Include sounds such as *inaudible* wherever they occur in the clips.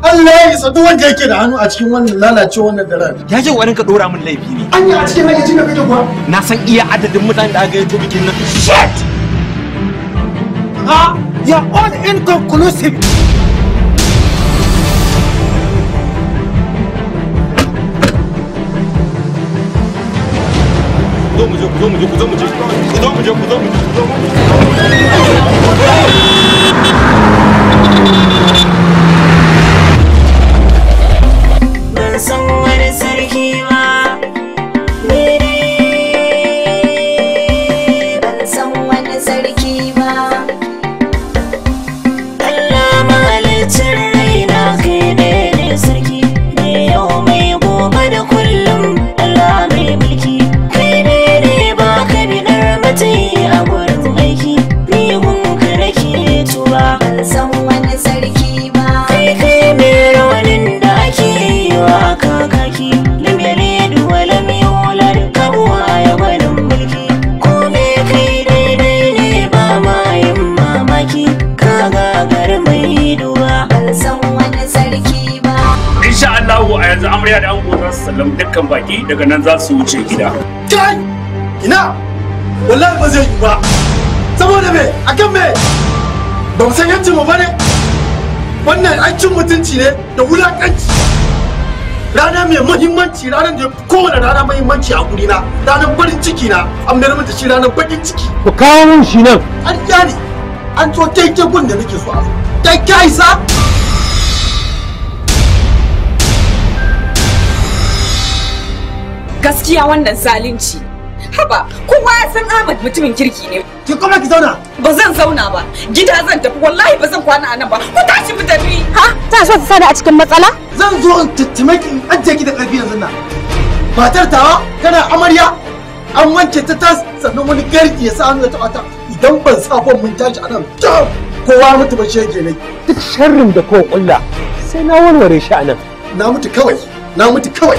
Allah ya isa duk wanda yake da hannu a cikin wannan lalacewa wannan daren. Ya je warin ka dora min laifi ne. Anya a cikin hayyacin da kake kuwa. Na san iya adadin mutanen da aka yi bikin nan. Shit! Ah, ya are all inconclusive. Zo mu je, zo mu je, zo mu je, zo mu je, zo mu je, zo mu je. daga nan za su wuce gida kai ina wallahi ba zai yi ba saboda me akan me ba san yancin mu bane wannan an cin mutunci ne da wulakanci rana mai muhimmanci ranar da kowane rana muhimmanci a gurina ranar farin ciki na an mayar mata shi ranar bakin ciki ku kawo mun shi nan an kyale an so taike gun da nake so a zo kai ka isa jiya wannan zalunci haba kowa ya san Ahmad mutumin kirki ne ki kuma ki zauna ba zan zauna ba gida zan tafi wallahi ba zan kwana a nan ba ku tashi mu tafi ha ta so ta sani a cikin matsala zan zo in tattime ki in ajiye ki da karfi yanzu nan matar tawa kana amarya an wanke ta tas sannan wani garki ya sa hannu ya taɓa ta idan ban sa ko mun tashi a nan kowa mutu ba shege ne duk sharrin da kowa kulla sai na warware shi a nan na mutu kawai na mutu kawai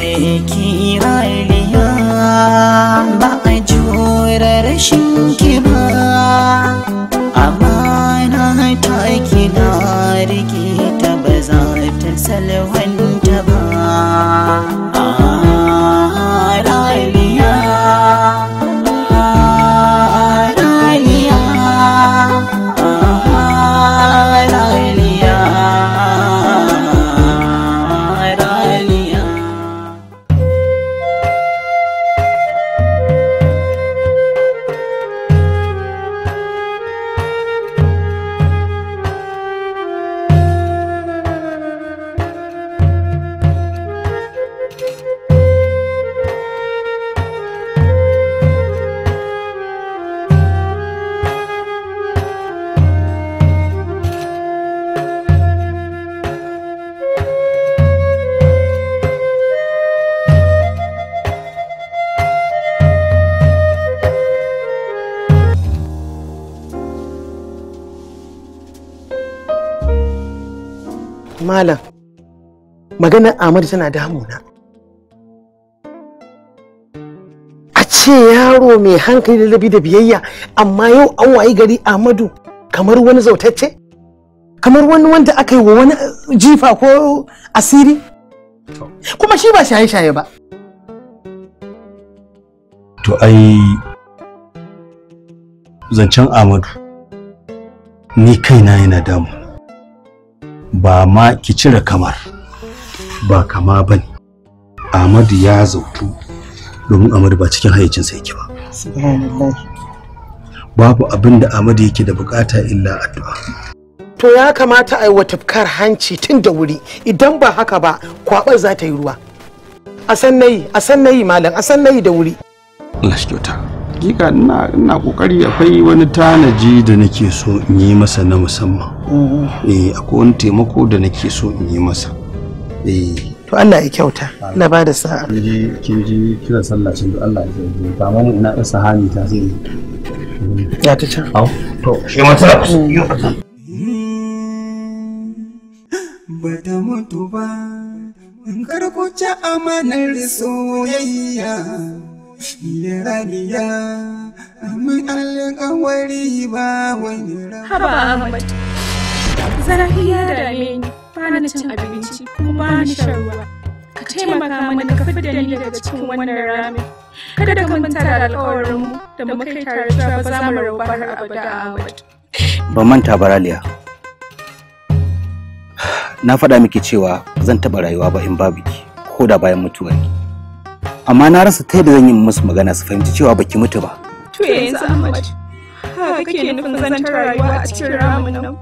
ki raliya ba a rashin ki ba amana ta ki na rike ta ba za ta salwani maganar Amadu tana damuna. A ce yaro mai hankali da labi da biyayya amma yau an wayi gari Amadu kamar wani zautacce? Kamar wani wanda aka yi wa wani jifa ko asiri? Kuma shi ba shaye-shaye ba. To ai zancen Amadu ni kaina yana damu ba ma ki cire kamar. ba kama ba ne Ahmadu ya zautu domin Ahmadu ba cikin hayyacinsa yake ba babu abin da Ahmadu yake da bukata illa addu'a to ya kamata a yi wa tafkar hanci tun da wuri idan ba haka ba kwabar za ta yi ruwa a san nayi a san nayi malam a san nayi da wuri Allah shi kyauta hakika ina ina kokari akwai wani tanaji da nake so in yi masa na musamman mm-hmm. eh akwai wani taimako da nake so in yi masa Eh. to Allah ya kyauta na ba da sa'a kin ji kira sallah shi Allah ya kyauta ba mun ina da sahani ta sai ya ta ci au to shi ma tsara mm. ba ta mutu ba in ci amanar soyayya Yarariya, amin alƙawari ba wani rama. Haba Ahmad, zarafi ya ni. bani cin abinci ko ni shan ruwa ka taimaka mana ka fi da ni daga cikin wannan rami kada ka manta da alƙawarinmu da muka yi tare da ba za mu rabu har abada abad ban manta ba raliya na faɗa miki cewa zan taɓa rayuwa ba in babu ki ko da bayan mutuwa ki amma na rasa ta yadda zan yi musu magana su fahimci cewa baki mutu ba to yanzu Ahmad haka kake nufin zan ta rayuwa a cikin ramin nan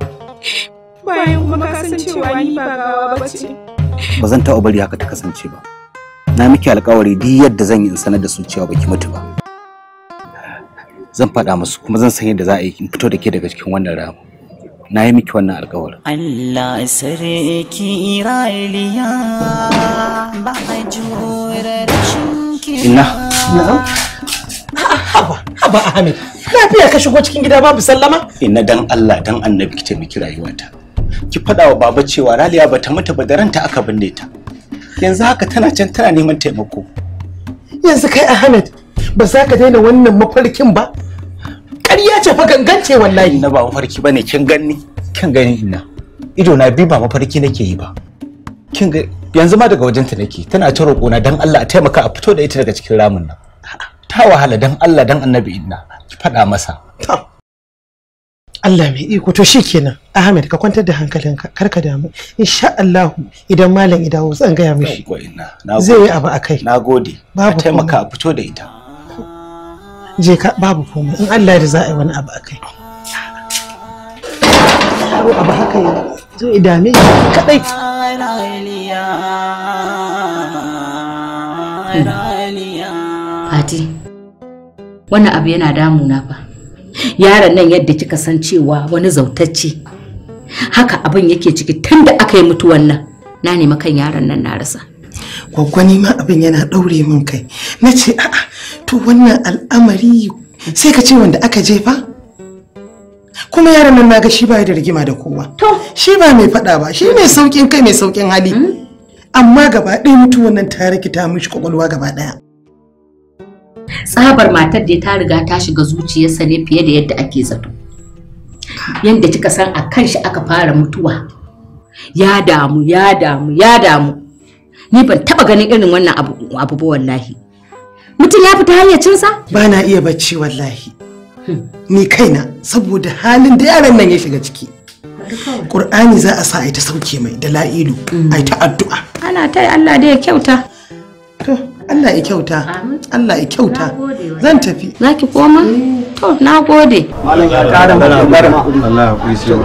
bayan kuma kasancewa ni ba gawa ba ce. Ba zan taɓa bari haka ta kasance ba. Na miki alkawari duk yadda zan yi in sanar da su cewa baki mutu ba. Zan faɗa musu kuma zan san yadda za a yi in fito da ke daga cikin wannan ramu. Na yi miki wannan alkawarin. Allah sarki Iraliya ba a jura rashin Inna. Haba, haba Ahmed. Lafiya ka shigo cikin gida babu sallama? Inna dan Allah dan Annabi ki taimaki rayuwata. ki faɗa wa baba cewa raliya ba ta mata bagaranta aka binne ta yanzu haka tana can tana neman taimako yanzu kai ahmed ba za ka daina wannan mafarkin ba ƙarya ce fa gangance wallahi na ba mafarki bane kin ganni kin gani ina ido na bi ba mafarki nake yi ba kin ga yanzu ma daga wajenta nake tana ta roko na dan Allah a taimaka a fito da ita daga cikin ramin nan ta wahala dan Allah dan annabi inna ki faɗa masa Allah mai iko to shi kenan Ahmed ka kwantar da hankalinka kar ka damu insha Allah idan malam ya dawo zan gaya mishi zai yi abu akai nagode ka taimaka a fito da ita je ka babu komai in Allah ya za a yi wani abu akai ko abu haka ya zo idame dame shi kadai Fati, wannan abu yana damuna fa. yaron nan yadda kika san cewa wani zautacce haka abin yake ciki tun da aka yi mutuwan nan na nemi kan yaron nan na rasa gwaggwani ma abin yana ɗaure min kai na ce a'a to wannan al'amari sai ka ce wanda aka jefa kuma yaron nan na ga shi ba da rigima da kowa shi ba mai faɗa ba shi mai saukin kai mai saukin hali hmm. amma gaba ɗaya mutuwan nan ta rikita mishi kwakwalwa gaba ɗaya tsabar matar da ta riga ta shiga zuciyarsa ne fiye da yadda ake zato yadda kika san a kan shi aka fara mutuwa ya damu ya damu ya damu ni ban taba ganin irin wannan abu ba wallahi mutum ya fita hayyacinsa ba na iya bacci wallahi ni kaina saboda halin da yaran nan ya shiga ciki Ƙur'ani za a sa a ta sauke mai da la'ilu a ta addu'a ana ta Allah da ya kyauta Allah ya kyauta Allah ya kyauta zan tafi za ki koma eh. to na gode malam ya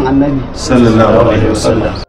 mana salatin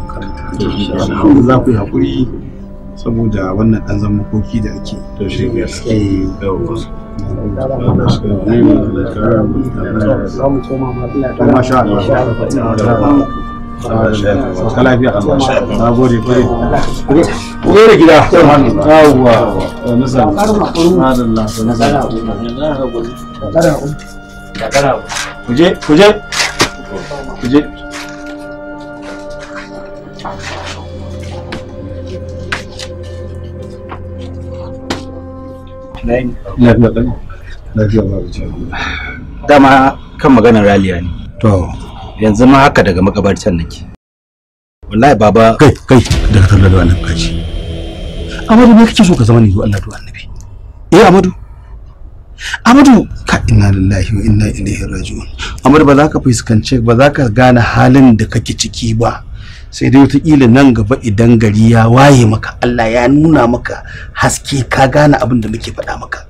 za ku yi haƙuri saboda wannan ɗan zan da ake to shi eh. gida ku je ku je ku je tunayin lafiya ba dama kan maganar raliya ne to yanzu ma haka daga makabarcin nake wallahi baba kai kai daga tarlalo annabi kaji amadu me kake so ka zama ne zuwa Allah to annabi eh amadu amadu ka inna lillahi wa inna ilaihi raji'un amadu ba za ka fuskanci ba za ka gane halin da kake ciki ba sai dai wataƙila nan gaba idan gari ya waye maka Allah ya nuna maka haske ka gane abin da muke faɗa maka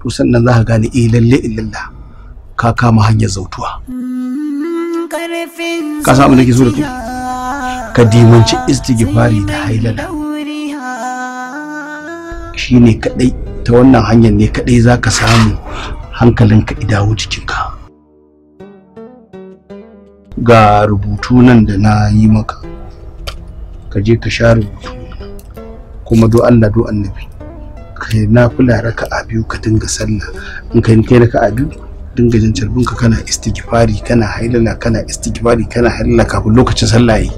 to sannan za ka gane eh lalle illalla ka kama hanyar zautuwa ka san abin da ke so da ke? ka dimanci istighfari da hailala shine kadai ta wannan hanyar ne kadai za ka samu hankalinka idawo ka ga rubutu nan da na yi maka ka je ka sha rubutu kuma do Allah do annabi kai na kula raka a biyu ka dinga sallah in ka yi kai raka a biyu dinga jin carbinka kana istighfari kana hailala kana istighfari kana hailala kafin lokacin sallah yi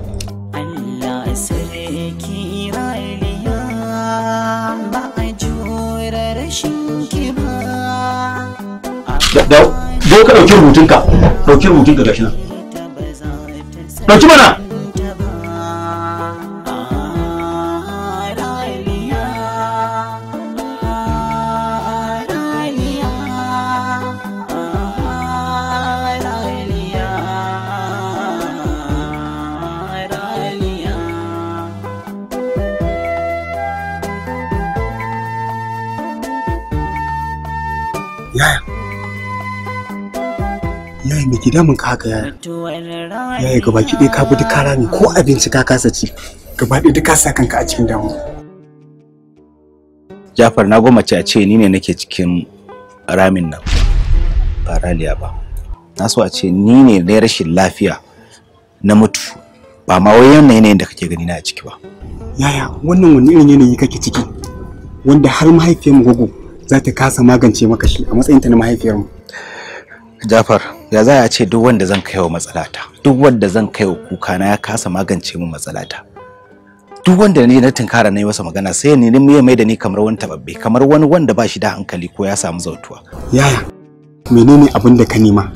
da da ka dauki rubutunka dauki rubutunka gashi nan 那怎么办？ke mun ka haka yaya yaya gaba ki ɗaya ka bi duk kara ko abinci ka kasa ci gaba ɗaya duka sa kanka a cikin damu Jafar na gwamnati a ce ni ne nake cikin ramin nan ba raliya ba na so a ce ni ne na rashin lafiya na mutu ba ma wai yanayin yanayin da kake gani na a ciki ba yaya wannan wani irin yanayi kake ciki wanda har mahaifiyar mu gogo za ta kasa magance maka shi a matsayinta na mahaifiyar mu Jafar, ya za a ce duk wanda zan kai wa matsalata, duk wanda zan kai wa kuka na ya kasa magance min matsalata. Duk wanda ne na tinkara na yi masa magana sai ne ni ya mai da ni kamar wani tababbe, kamar wani wanda ba shi da hankali ko ya samu zautuwa. Yaya, menene abin da ka nema?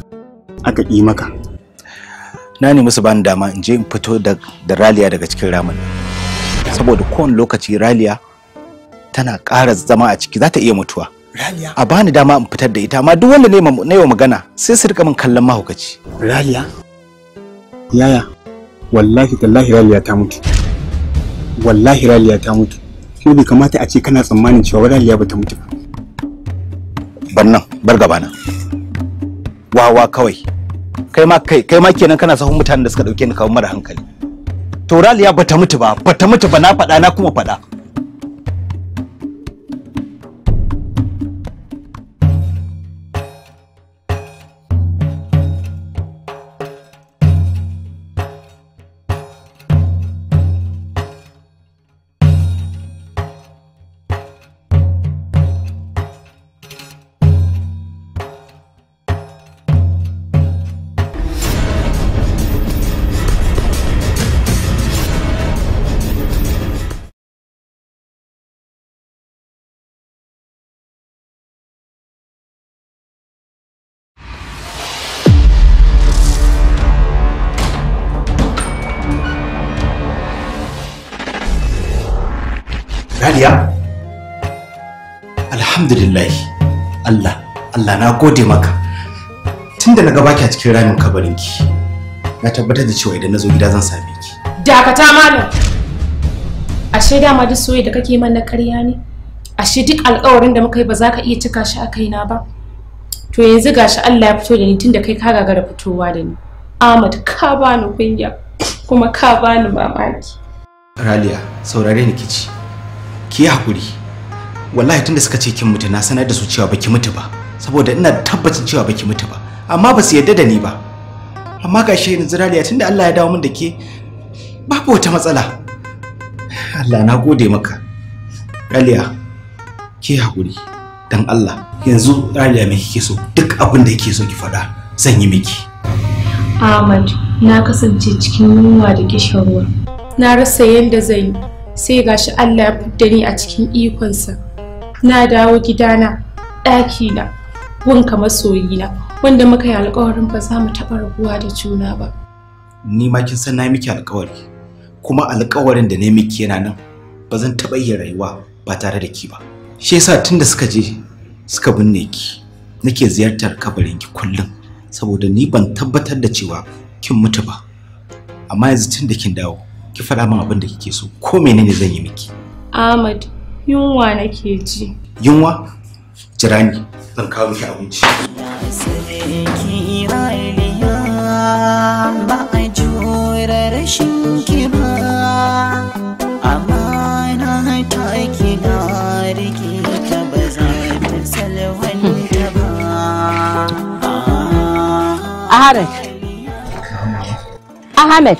Aka ƙi maka. Na nemi su bani dama in je in fito da, da raliya daga cikin ramin. Saboda kowane lokaci raliya tana ƙara zama a ciki za ta iya mutuwa. Raliya? A bani dama in fitar da ita amma duk wanda na yi magana sai su rika min kallon mahaukaci. Raliya? Yaya? Wallahi tallahi Raliya ta mutu. Wallahi Raliya ta mutu. Ko bai kamata a ce kana tsammanin cewa Raliya ba ta mutu ba. Bannan bar gabana. Wa kawai. Kai ma kai kai ma kenan kana sahun mutanen da suka dauke ni kawo mara hankali. To Raliya ba ta mutu ba, ba ta mutu ba na faɗa na kuma faɗa. Radiya, alhamdulillah Allah, Allah na gode maka. Tunda na gabaki a cikin ramin kabarinki, na tabbatar da cewa idan na zo gida zan same ki. Dakata malam! Ashe dama duk soyayya da kake mana karya ne? Ashe duk alƙawarin da muka yi ba za ka iya cika shi a na ba? To yanzu gashi Allah ya fito da ni tunda kai ka gagara fitowa da ni. Ahmad ka bani kunya kuma ka bani mamaki. Raliya, saurare ni kici. ki yi hakuri wallahi tunda suka ce kin mutu na sanar da su cewa baki mutu ba saboda ina tabbacin cewa baki mutu ba amma ba su yarda da ni ba amma gashi yanzu raliya tunda Allah ya dawo min da ke babu wata matsala Allah na gode maka raliya ki hakuri dan Allah yanzu raliya me kike so duk abin da kike so ki faɗa zan yi miki Ahmad na kasance cikin yunwa da kishirwa na rasa yadda zan yi sai gashi Allah ya fidda ni a cikin ikonsa na dawo gidana ɗakina wanka masoyina wanda muka yi alkawarin ba za mu taɓa rabuwa da juna ba ni ma kin san na miki alkawari kuma alkawarin da na miki yana nan ba zan taɓa iya rayuwa ba tare da ki ba shi yasa tunda da suka je suka binne ki nake ziyartar kabarin ki kullum saboda ni ban tabbatar da cewa kin mutu ba amma yanzu tun da kin dawo ki faɗa min abin da kike so ko menene zan yi miki Ahmad yunwa nake ji yunwa jira ni zan kawo miki abinci a Ahmed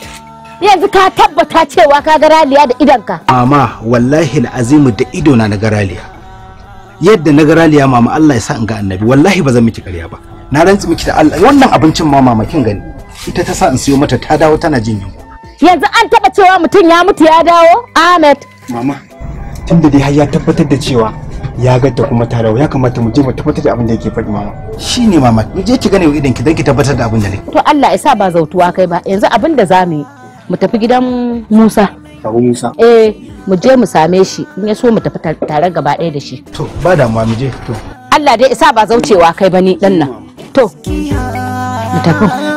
yanzu ka tabbata cewa ka ga raliya da ka. amma wallahi azimu da ido na ga raliya yadda na ga raliya mama Allah ya sa in ga annabi wallahi ba zan miki ƙarya ba na rantsi miki da Allah wannan abincin ma mama kin gani ita ta sa in siyo mata ta dawo tana jin yunwa yanzu an taba cewa mutum ya mutu ya dawo Ahmed mama tunda dai har ya tabbatar da cewa ya gadda kuma ta ya kamata mu je mu tabbatar da abin da yake faɗi mama shine mama mu je ki gane idan ki dan ki tabbatar da abin da ne to Allah ya sa ba zautuwa kai ba yanzu abin da zamu yi mu tafi gidan Musa Abu Musa eh mu je mu same shi in ya so mu tafi tare gaba ɗaya da shi to ba damuwa mu je to Allah dai isa ba zaucewa kai bane dan nan to mu tafi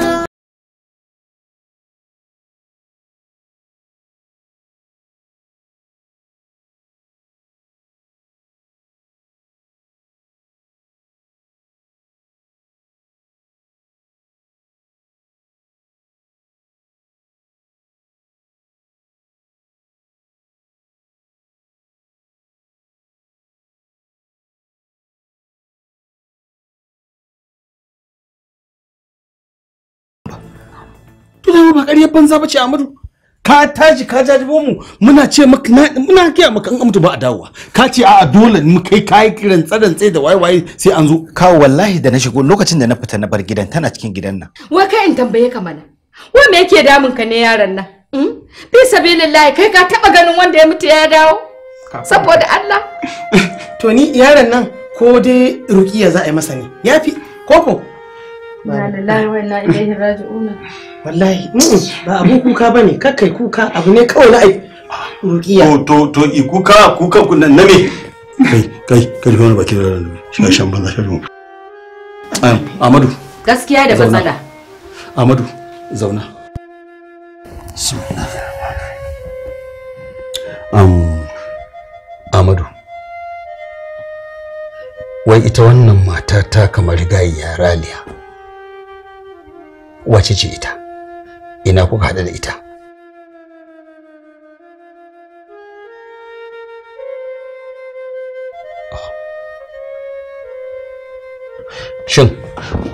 dole ba ƙaryar banza ba ce Amadu ka taji ka jajibo mu muna ce maka muna kiya maka an amtu ba a dawowa ka ce a dole mu kai kai kiran tsadan tsaye da waye sai an zo ka wallahi da na shigo lokacin da na fita na bar gidan tana cikin gidan nan wai kai in tambaye ka mana wai me yake damun ka ne yaron nan bi hmm? sabilillahi kai ka taba ganin wanda ya mutu ya dawo saboda Allah *laughs* to ni yaron nan ko dai ruqiya za a yi masa ne yafi koko la ilaha wa inna wallahi mm, ba abu kuka ba ne kakai kuka abu ne kawai na aiki ah, to to i kuka kuka kuna na me kai kai kai wani baki da rana shan banza shashan amadu gaskiya da matsala amadu zauna um, amadu wai ita wannan mata ta kamar gayi ya raliya wace ce ita ina kuka haɗu da ita shin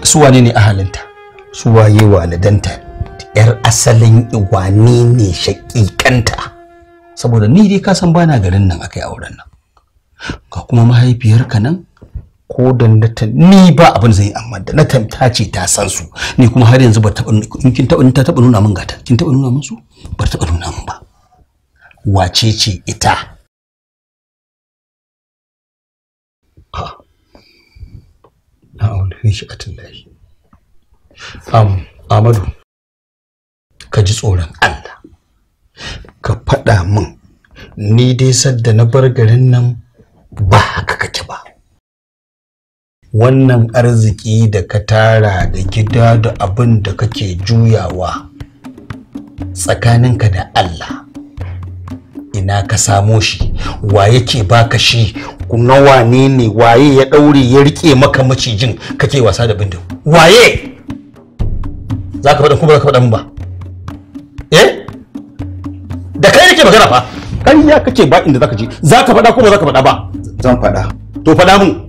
su wane ne ahalinta su waye walidanta yar asalin iwani ne shakikanta saboda ni dai ka san bana garin nan akai auren nan ga kuma mahaifiyarka nan ko da ni ba abin zai amma da na ta ce ta san su ni kuma har yanzu ba taɓa in kin taɓa ta taɓa nuna min gata kin taɓa nuna min su ba taɓa nuna min ba wace ce ita ha na aure shi katin am amadu ka ji tsoron Allah ka faɗa min ni dai sadda na bar garin nan ba haka kake ba wannan arziki da ka tara da gida da abin da kake juyawa tsakaninka da Allah ina ka samo shi wa yake baka shi kuma wane ne waye ya ɗaure ya rike maka macijin kake wasa da bindin waye za ka faɗin kuma za ka faɗin ba eh da kai nake magana fa ya kake ba inda za ka je za ka faɗa kuma za ka faɗa ba zan faɗa to faɗa mun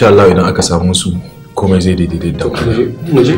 insha Allah idan aka samu su komai zai daidai da mu je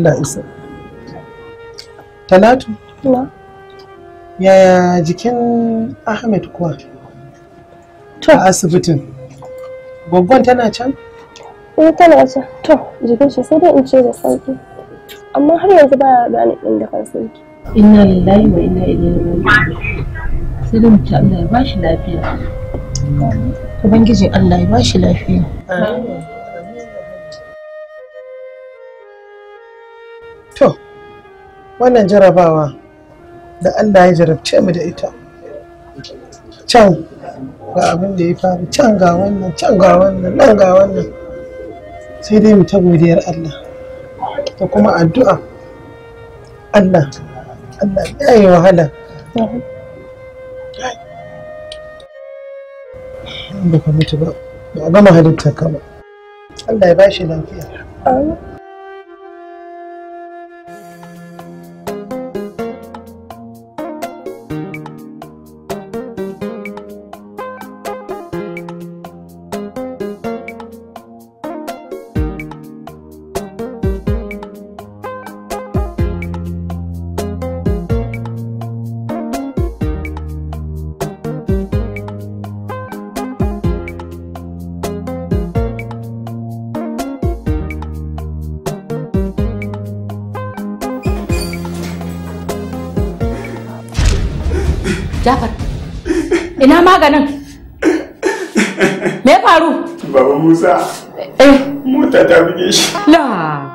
Allah isa talatu yaya jikin ahmed kuwa to a asibitin gwaggon tana can in eh, tana can to jikin shi sai dai in ce da sauki amma har yanzu ba ya gane ɗin da kan sauki inna lillahi wa inna ilaihi raji'un sai dai mutum Allah ya bashi lafiya ubangiji Allah ya bashi lafiya wannan jarabawa da Allah ya jarabce mu da ita can ga abin da ya faru can ga wannan can ga wannan nan ga wannan sai dai mu ta godiyar Allah da kuma addu'a Allah Allah ya yi wahala da ka mutu ba ba gama halittar ka Allah ya bashi lafiya Musa. Eh. Mota ta buge shi. La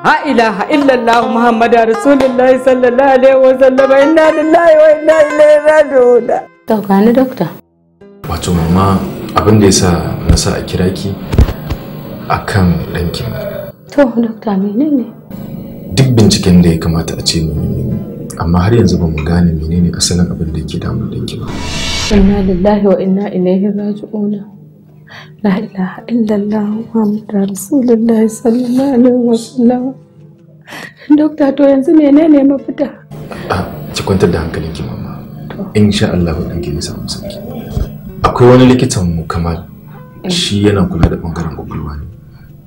ha ilaha illallah Muhammadu rasulullah sallallahu alaihi wa sallam inna lillahi wa inna ilaihi raji'un. To ni dokta. Wato mama abin da yasa na sa a kira ki akan danki. To dokta menene? Duk binciken da ya kamata a ce mun amma har yanzu ba mu gane menene asalin abin da yake damun danki ba. Inna lillahi wa inna ilaihi raji'un. la ilaha illallah rasulullah sallallahu alaihi wasallam to yanzu menene ah, kwantar da hankalinki mama insha Allah dan ki samu sauki akwai wani likitan mu kamal eh. shi yana kula da bangaren kwakwalwa ne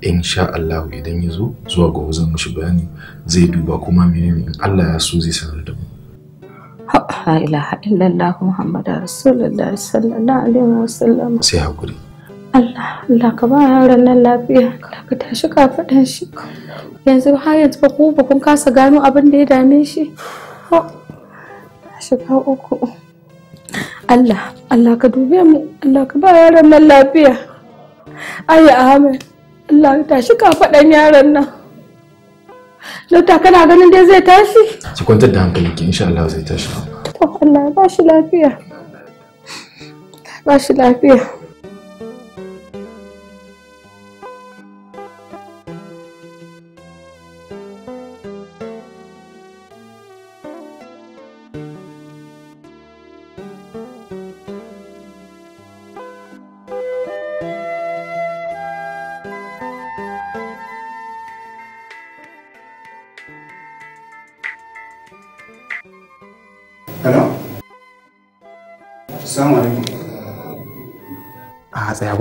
insha Allah idan ya zo zuwa gobe zan mishi bayani zai duba kuma menene in Allah ya so zai sanar da mu la ilaha illallah muhammadu rasulullah sallallahu alaihi wasallam sai hakuri Allah Allah ka ba yaron nan lafiya Allah ka tashi ka kafaɗan shi yanzu har yanzu ba ku ba kun kasa gano abin da ya dame shi shiga uku Allah Allah ka dube mu Allah ka ba yaron nan lafiya Ayya Ahmed Allah ka tashi ka kafaɗan yaron nan Lauta kana ganin dai zai tashi? Ki kwantar da ki insha Allah zai tashi. To Allah ba shi lafiya. Ba shi lafiya.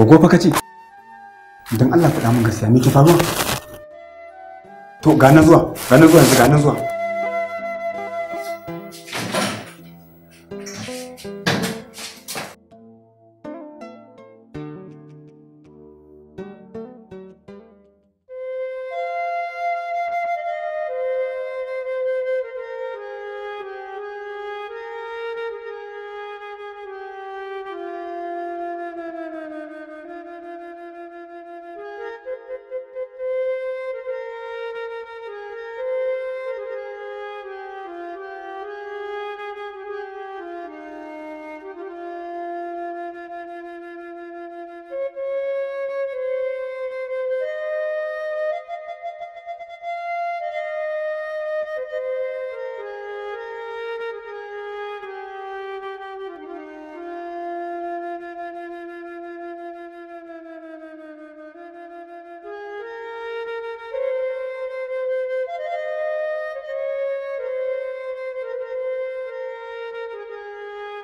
agogo fa kace dan Allah faɗa min gaskiya me ke faruwa to ga na zuwa ga na zuwa ga na zuwa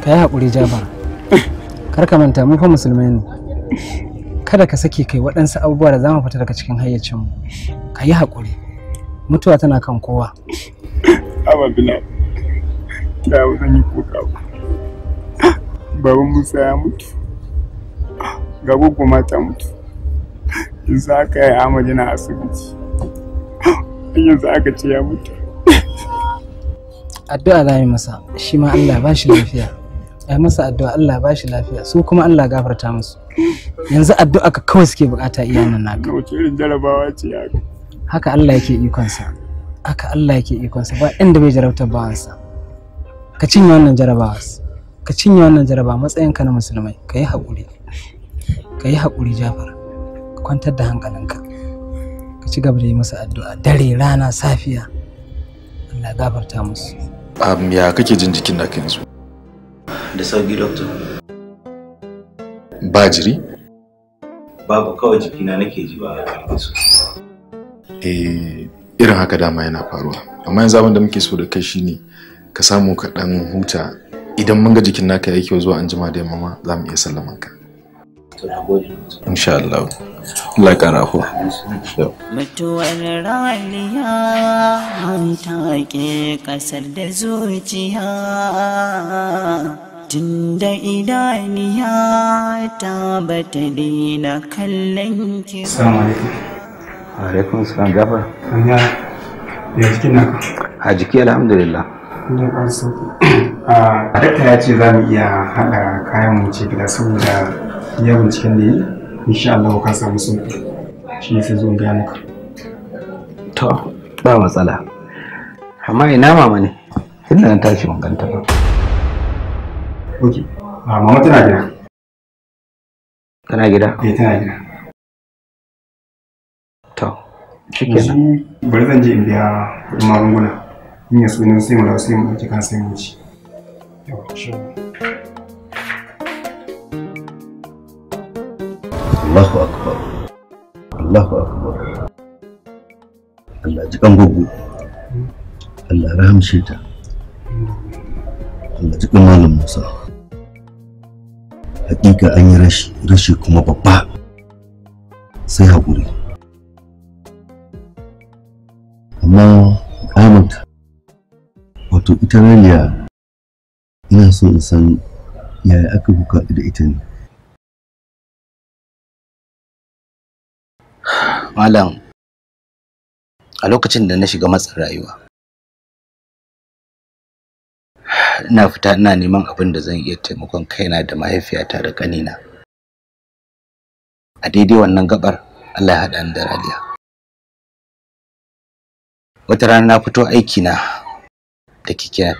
ka yi haƙuri jafar kar ka manta mu fa musulmai ne kada ka sake kai waɗansu abubuwa da za mu fita daga cikin hayyacinmu ka yi haƙuri mutuwa tana kan kowa ababila da ya zan yi kuka ba. baban musa ya mutu ga gugu mata mutu In za ka yi amali na asibiti yanzu aka ce ya mutu addu'a za mu masa shi ma allah ba shi lafiya ai masa addu'a Allah ba shi lafiya su kuma Allah gafarta musu yanzu addu'a ka kawai suke bukata iyanan naka wace irin jarabawa ce haka haka Allah yake ikon sa haka Allah yake ikon sa ba inda bai jarabta bawansa ka cinye wannan jarabawa ka cinye wannan jaraba matsayin ka na musulmai ka yi haƙuri ka yi haƙuri Jafar ka kwantar da hankalinka ka ci gaba da yi masa addu'a dare rana safiya Allah gafarta musu ya kake jin jikin naka yanzu da sauki doctor ba jiri babu kawai jikina nake ji ba eh irin haka dama yana faruwa amma yanzu abin da muke so da kai shine ka samu ka dan huta idan mun ga jikin naka yake kyau zuwa anjima da yamma ma za mu iya sallaman ka insha Allah Allah ka kara mutuwar raliya mun take kasar da zuciya tunda idaniya ta bata daina kallon ki assalamu alaikum alaikum salam jafar ya ya jikin naka a jiki alhamdulillah a *clears throat* ah, dakta ya ce za mu iya haɗa kayan mu ce gida saboda yawan cikin da yi insha Allah ka samu sauki shi ne sai zo ga maka to ba matsala amma ina mama ne ina tashi ban ganta ba ok ah, mama tana gida tana gida eh tana gida to bari zan je in biya kuɗin magunguna in ya sunan sai mu dawo sai mu ɗauki kan sai mu ci Allahu akbar Allahu akbar Allah ji kan Allah rahamshe ta Allah ji malam Musa hakika an yi rashi rashi kuma babba sai haƙuri amma ahmad wato ita raliya ina so in san yaya aka buka da ita ne malam a lokacin da na shiga matsin rayuwa ina fita ina neman abin da zan iya taimakon kaina da mahaifiyata da ƙanina a daidai wannan gabar Allah ya haɗa ni da ladiya. wata rana na fito aiki na da kike na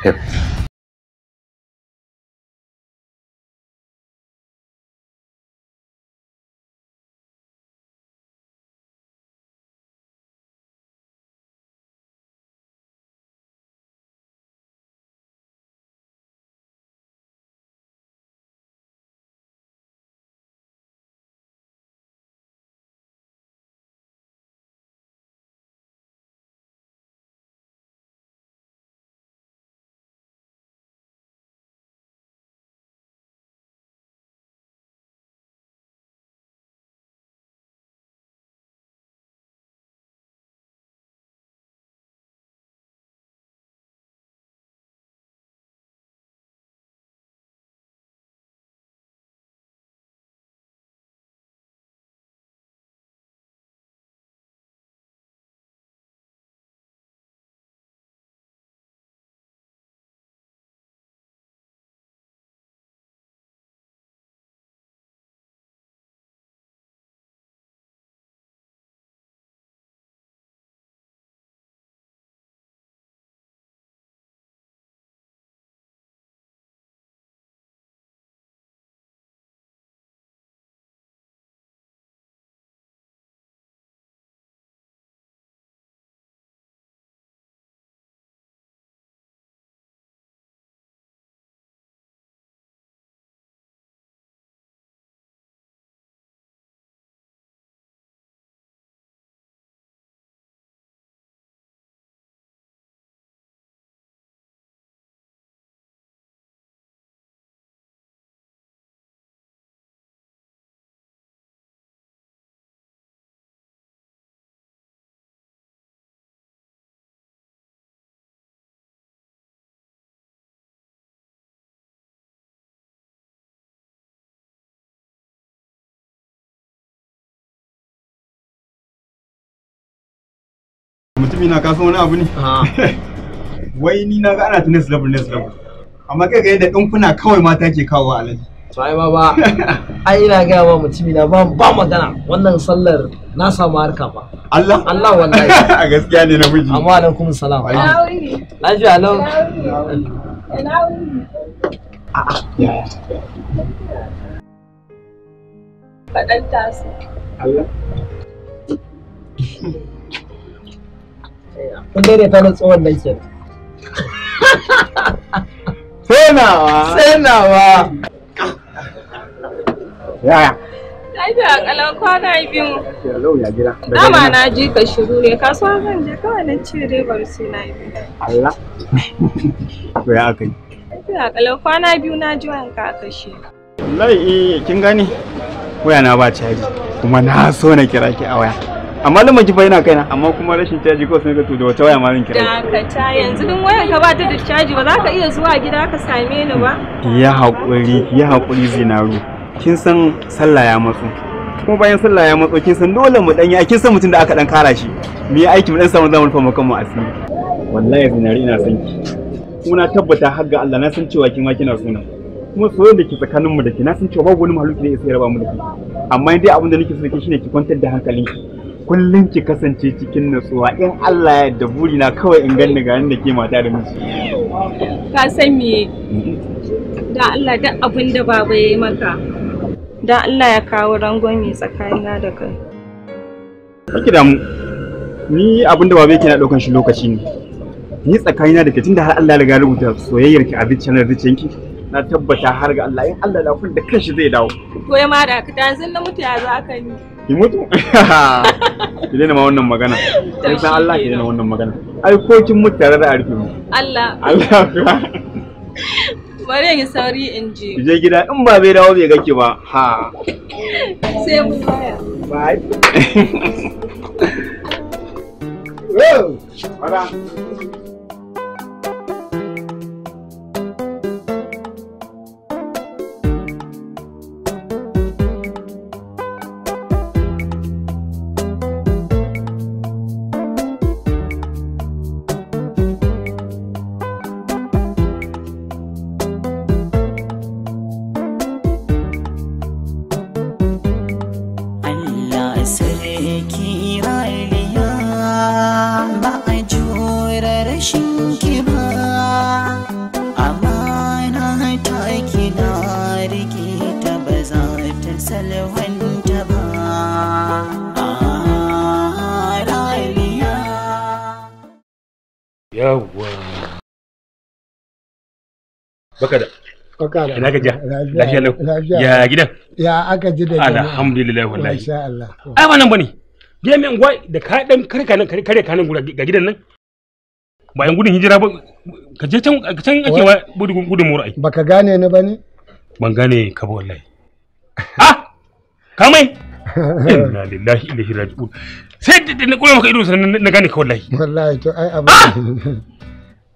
mutumi na kasan wani abu ne *laughs* wai ni na ga ana ta next level next level amma kai ga yadda kuna kawai mata ke kawo alaji to ai baba *laughs* ai ina ga ba mutumi na ba ba magana wannan sallar na samu harka ba Allah Allah wallahi *laughs* a gaskiya ne na miji amma alaikum salam lafiya lau a'a yaya faɗan tasu Allah kun daidaita na tsohon nan ke tsenawa tsenawa yaya Lafiya kalau kwana biyu. Yallau ya gida. Dama na ji ka shiru ne kasuwa zan je kawai na ce ribar suna biyu. Allah. To ya aka yi. Lafiya kalau kwana biyu na ji wanka aka shi. Wallahi eh, kin gani? waya na ba caji kuma na so na kira ki a waya. amma lamar kifa yana kaina amma kuma rashin caji ko sun ga to da wata waya ma zan kira dakata yanzu din wayar ka ba ta da caji ba za ka iya zuwa gida ka same ni ba ya haƙuri ya haƙuri zinaru kin san sallah ya matsu kuma bayan sallah ya matso kin san dole mu dan yi kin san mutum da aka dan kara shi me ya aiki mu dan samu zaman fama kanmu asiri wallahi zinari ina son ki kuma na tabbata har ga Allah na san cewa kin ma kina suna kuma soyayyar da ke tsakaninmu da ke na san cewa babu wani mahaluki da ya sai raba mu da ke amma dai abin da nake so da ke shine ki kwantar da hankalinki kullum ki kasance cikin nutsuwa in Allah ya da burina kawai in ganni ga da ke mata da miji ka san me da Allah duk abin da baba yayi maka da Allah ya kawo rangon rangwame tsakanina da kai kake da mu ni abin da baba yake na daukan shi lokaci ne ni tsakanina da ke tunda har Allah ya riga rubuta soyayyar ki a zuciyar zuciyar ki na tabbata har ga Allah in Allah da kun da kanshi zai dawo to ya ma da ka tanzin na mutu ya za ka ni ki mutu *laughs* ki daina ma wannan magana sai san Allah ki daina wannan magana ai ko kin mutu tare da arfi mu Allah Allah bari in sauri in je je gida in ba bai dawo bai ga ki ba ha sai mu baya bye *laughs* Whoa! Hola. salwanta ba yawwa baka da baka da ina lafiya lau ya gidan ya aka ji da alhamdulillah wallahi Allah ai bane gidan mai unguwa da ka dan karka nan kare ka nan ga gidan nan ba yan gudun hijira ba ka je can ka can ake wa gudun gudun mura ai baka gane ni bane ban gane ka ba wallahi ah *laughs* kamai *laughs* inna lillahi inna ilaihi raji'un sai da na kula maka irin sannan na gane ka wallahi wallahi to ai abu ah!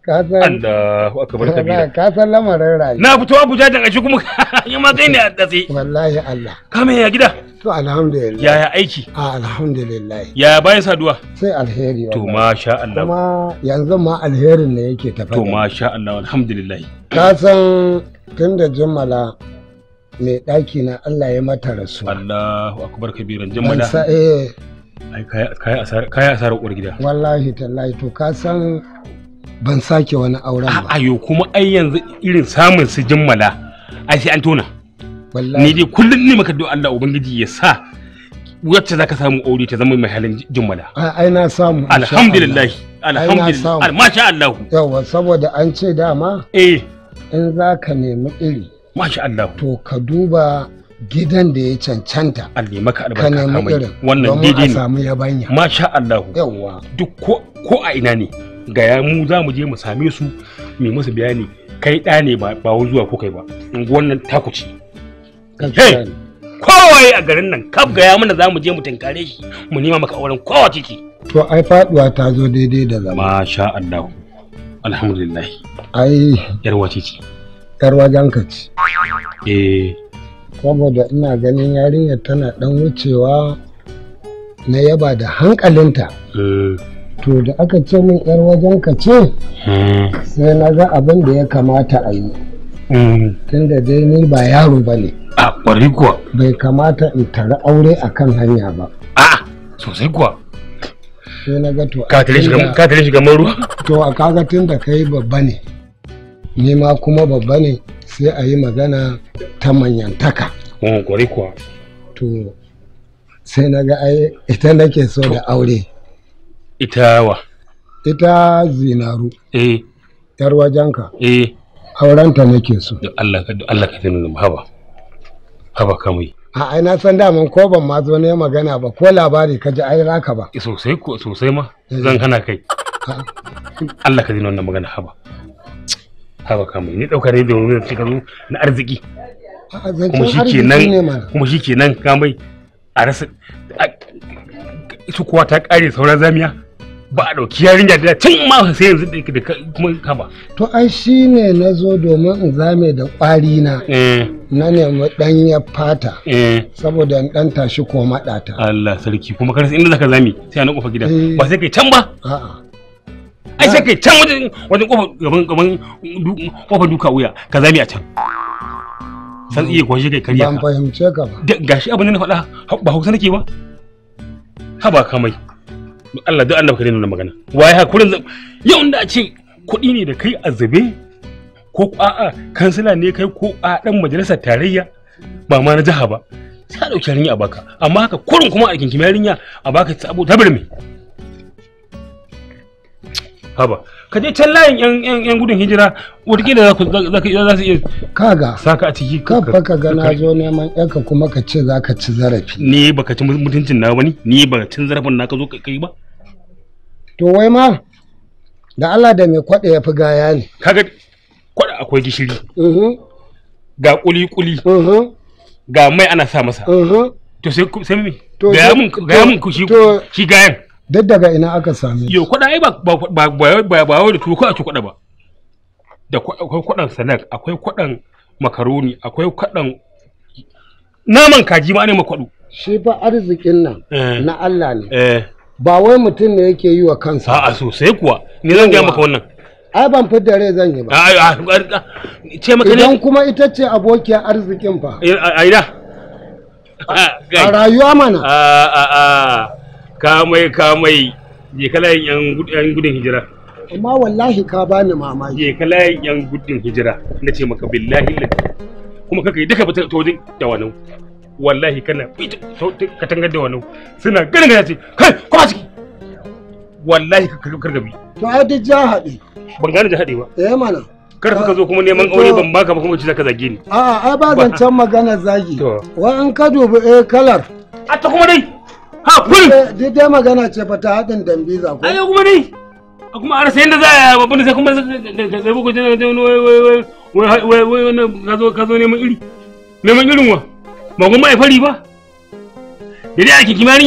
ka san Allahu akbar kabira ka san lamarin rayuwa na fito Abuja da kashi kuma *laughs* ya ma kai ne a datse wallahi Allah kamai ya gida to alhamdulillah yaya aiki a ah, alhamdulillah yaya bayan saduwa sai alheri to masha Allah kuma yanzu ma alherin ne yake tafa to masha Allah alhamdulillah ka san tunda jummala mai ɗaki na Allah ya mata rasu. Allahu akbar kabiran jin mada. Eh. Ai kai asara kai gida. Wallahi tallahi to ka san ban sake wani auren ba. Ayo kuma ai yanzu irin samun su jimmala ai sai an tona. Wallahi. Ni dai kullun ne maka addu'a Allah ubangiji ya sa wacce zaka samu aure ta zama mai halin jimmala. ai na samu alhamdulillah alhamdulillah masha Allah yawa saboda an ce dama eh in zaka nemi iri Masha Allah. To ka duba gidan da ya cancanta. Allah maka kamai. ka nemi irin. Wannan daidai ne. Domin a samu yabanya. Masha Allah. Yawwa. Duk ko ko a ina ne. Ga ya mu za mu je mu same su mu musu bayani kai ɗa ne ba ba zuwa ko kai ba. Wannan taku ce. Hey! Kowaye a garin nan kaf gaya mana za mu je mu tinkare shi mu nema maka auren kowa ciki. To ai faduwa ta zo daidai da zama. Masha Allah. Alhamdulillah. Ai. Yarwa ciki. yar wajen ka ci. Eh. Saboda ina ganin yarinyar tana ɗan wucewa na yaba da hankalinta. Mm. To da aka ce min yar wajen ka ce, mm. sai na ga abin da ya kamata a yi. Mm. Tunda dai ni ba yaro ba ne. A ƙwari kuwa. Bai kamata in tara aure a kan hanya ba. A sosai kuwa. Sai na ga to. Ka tare shiga gaman To a kaga tun da kai babba ne. ni ma kuma babba ne sai a yi magana ta manyantaka kwari kuwa to sai na ga ai ita nake so da aure ita wa ita zinaru eh yar wajenka eh aurenta nake so da Allah ka Allah ka tana mu haba haba kamai a aina na san daman ko ban ma zo ne magana ba ko labari ka ji ai raka ba eh, sosai ko sosai ma zan eh. hana kai Allah ka tana wannan magana haba haba kamar ni ɗaukar ne domin zai zo na arziki kuma shi ke nan kuma shi ke nan kamai a rasa su kuwa ta ƙare sauran zamiya ba a ɗauki yarinya da tun ma sai yanzu da kuma kama. To ai shi ne na zo domin in zame da ƙwari na eh. na nemi ya fata eh. saboda in ɗan tashi ko maɗata. Allah sarki kuma karsa inda zaka zame sai a na ƙofa gida eh. ba sai kai can ba. A'a. ai sai kai can wajen wajen kofar gaban gaban kofar duka wuya ka zami a can san iya kwashe kai kariya ban fahimce ka ba gashi abin da na faɗa ba hausa nake ba ha ba kamai Allah duk annabi kare nan magana waye kurin yau inda a ce kuɗi ne da kai zube? ko a'a kansila ne kai ko a dan majalisar tarayya ba ma na jiha ba sai a ɗauki a baka amma haka kurin kuma a kinkimi yarinya a baka sabo tabar haba ka je can layin yan yan gudun hijira wataƙila za ku za su iya kaga saka a ciki ka baka ga na zo neman yanka kuma ka ce za ka ci zarafi ni baka ci mutuncin na wani ni baka cin zarafin na ka zo kai ba to wai ma da Allah da mai kwaɗa ya fi gaya ne kaga kwaɗa akwai gishiri ga kuli-kuli ga mai ana sa masa to sai mi gaya mun shi gayan duk daga ina aka same shi yo kuɗa ai ba ba ba ba ba da tuwo a ci kuɗa ba da akwai kuɗan sanak akwai kuɗan makaroni akwai kuɗan naman kaji ma ne makwaɗu shi fa arzikin nan na Allah ne ba wai mutum ne yake yi wa kansa a'a sosai kuwa ni zan gaya maka wannan ai ban fidda rai zan yi ba ce maka ne idan kuma ita ce abokiyar arzikin fa a ina a rayuwa mana A'a. a kamai kamai je kalayin yan gudun hijira amma wallahi ka bani mamaki je kalayin yan gudun hijira na ce maka billahi kuma kaka yi duka ba ta wajen da wani wallahi kana ka tangar da wani suna ganin gana ce kai kuma ciki wallahi ka gabi to ai duk ja haɗe ban gane ja haɗe ba eh mana kar ka zo kuma neman aure ban baka ba kuma ci zaka zage ni a'a ai ba zan can magana zagi wa an ka dubi eh kalar a ta kuma dai hakuri duk dai magana ce fa za ku ai kuma dai a sai kuma ka wai wai irin wa ba kuma fari ba da dai ake kima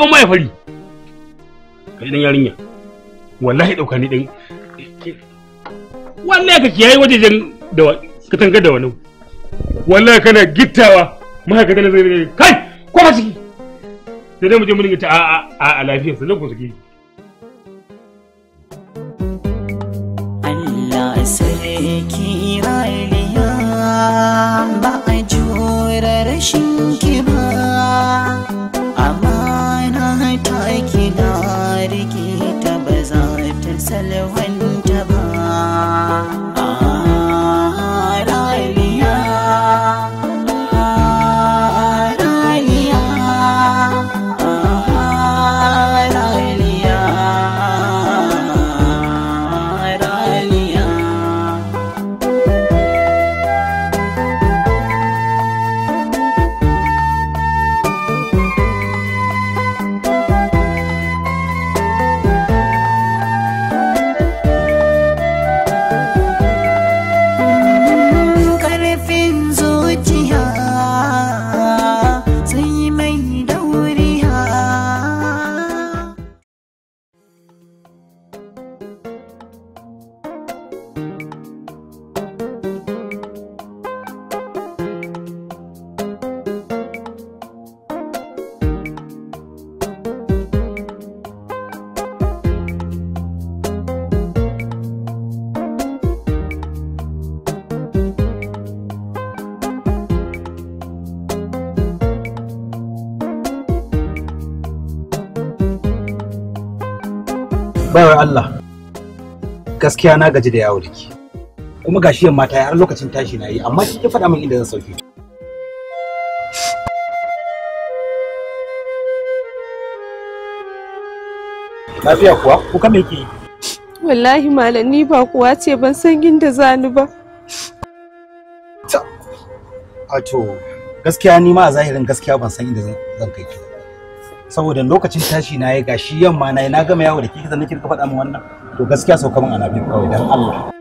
kuma fari kai dan yarinya wallahi dauka ni dan wallahi ka kiyaye wajejen da da wani wallahi kana da zai kai ciki sai dai mu je mu ta a a lafiyar sannan ku sake Allah sarki rayuwa ba a jura rashin ki ba amana ta ki na rike ta ba za baiwar Allah gaskiya na gaji da yawo da ke kuma gashi yamma ta har lokacin tashi na yi amma ki faɗa min inda zan sauke lafiya kuwa kuka me ke wallahi malam ni ba kuwa ce ban san inda ni ba wato gaskiya ni ma a zahirin gaskiya ban san inda zan kai ki saboda lokacin tashi na ya gashi yamma na na gama yawo da kike zan nake faɗa min wannan to gaskiya sau kamar ana biyu, kawai dan Allah